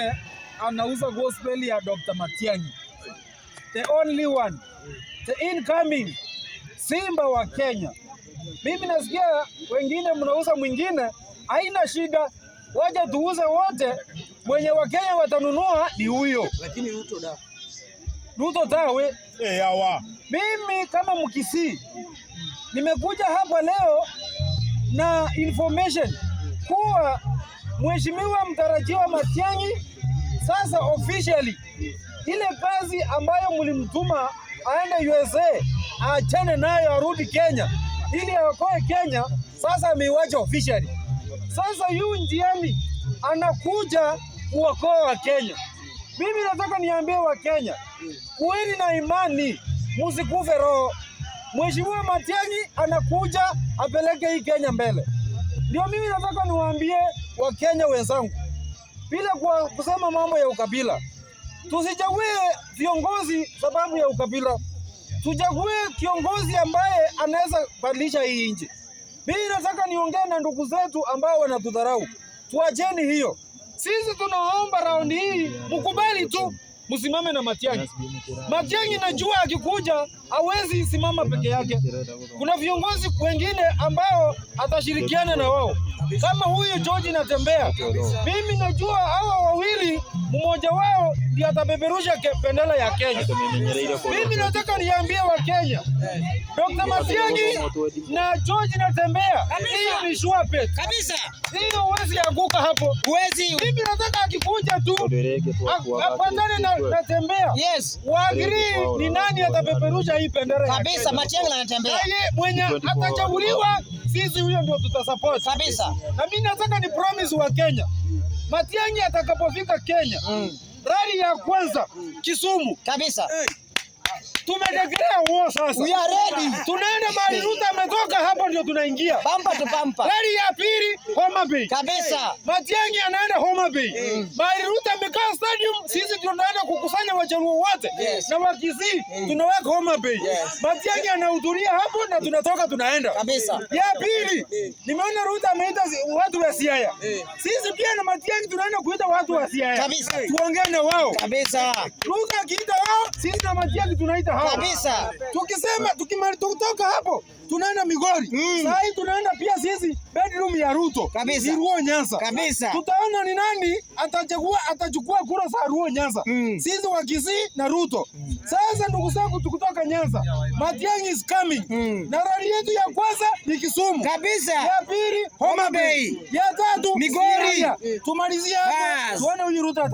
mwenye anauza gospel ya Dr. Matiang'i, the only one, the incoming Simba wa Kenya. Mimi nasikia wengine mnauza mwingine, haina shida, waje tuuze wote, mwenye wa Kenya watanunua ni huyo. Lakini Ruto da Ruto tawe Eh, awa. Mimi kama Mkisii nimekuja hapa leo na information kuwa Mheshimiwa mtarajiwa Matiang'i, sasa officially ile kazi ambayo mlimtuma aende USA aachane nayo arudi Kenya ili aokoe Kenya, sasa ameiwacha officially. Sasa yuu njiani anakuja kuokoa kenya Mimi nataka niambie Wakenya kweli na imani, musikufe roho. Mheshimiwa Matiang'i anakuja apeleke hii Kenya mbele, ndio mimi nataka niwaambie Wakenya wenzangu, bila kwa kusema mambo ya ukabila, tusichague viongozi sababu ya ukabila. Tuchague kiongozi ambaye anaweza badilisha hii nchi. Mimi nataka niongee na ndugu zetu ambao wanatudharau, tuacheni hiyo. Sisi tunaomba raundi hii mkubali tu msimame na Matiang'i. Matiang'i najua akikuja hawezi simama peke yake, kuna viongozi wengine ambao atashirikiana na wao, kama huyu George natembea. Mimi najua hawa wawili, mmoja wao ndio atapeperusha bendera ya Kenya. Mimi nataka niambie wa Kenya, Dr. Masiangi na George natembea, hiyo ni shwape kabisa, hiyo huwezi anguka hapo, huwezi. Mimi nataka akifunja tu apandane na natembea, yes, waagiri ni nani atapeperusha hii bendera ya Kenya kabisa. Matiang'i anatembea mwenye atachaguliwa, sisi huyo ndio tutasupport kabisa, na mimi nataka ni promise wa Kenya, Matiang'i atakapofika Kenya mm rali ya kwanza Kisumu kabisa hey. Eh. Tumedegelea huo sasa. We are ready. Tunaenda mahali Ruta ametoka hapo ndio tunaingia. Bamba to bamba. Rally ya pili Homa Bay. Kabisa. Matiang'i anaenda Homa Bay. Mm. Mahali Ruta amekaa stadium tunaenda kukusanya wajaluo wote yes. na wakizii mm. tunaweka Homa Bay yes. Matiang'i anahudhuria hapo na tunatoka tunaenda kabisa. Ya pili nimeona Ruto ameita watu wa Siaya mm. sisi pia na Matiang'i tunaenda kuita watu wa Siaya kabisa, tuongee na wao kabisa. Ruto akiita wao, sisi na Matiang'i tunaita hao kabisa. Tukisema tukimtoka hapo tunaenda Migori mm. saa hii tunaenda pia sisi bedroom ya Ruto kabisa, Ruo Nyasa kabisa. Tutaona ni nani atachukua atachukua kura za Ruo Nyasa. Nyanza mm. Sisi wa Kisii na Ruto mm. Sasa ndugu zangu, tukutoka Nyanza, Matiang'i is coming mm. na rali yetu ya kwanza ni Kisumu kabisa, ya pili Homa Bay, ya tatu Migori, tumalizia hapo tuone huyu Ruto